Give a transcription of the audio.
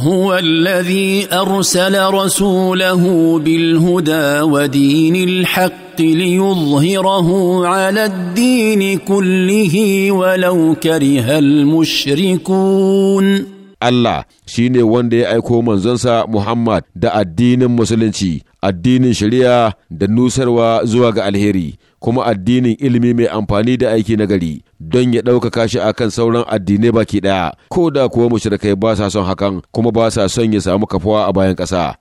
هو الذي ارسل رسوله بالهدى ودين الحق ليظهره على الدين كله ولو كره المشركون Allah shi ne wanda ya aiko manzonsa Muhammad da addinin musulunci, addinin shari'a da nusarwa zuwa ga alheri, kuma addinin ilimi mai amfani da aiki nagari don ya ɗaukaka shi kan sauran addinai baki ɗaya, ko da kuwa mushrikai ba sa son hakan kuma ba sa son ya samu kafuwa a bayan ƙasa.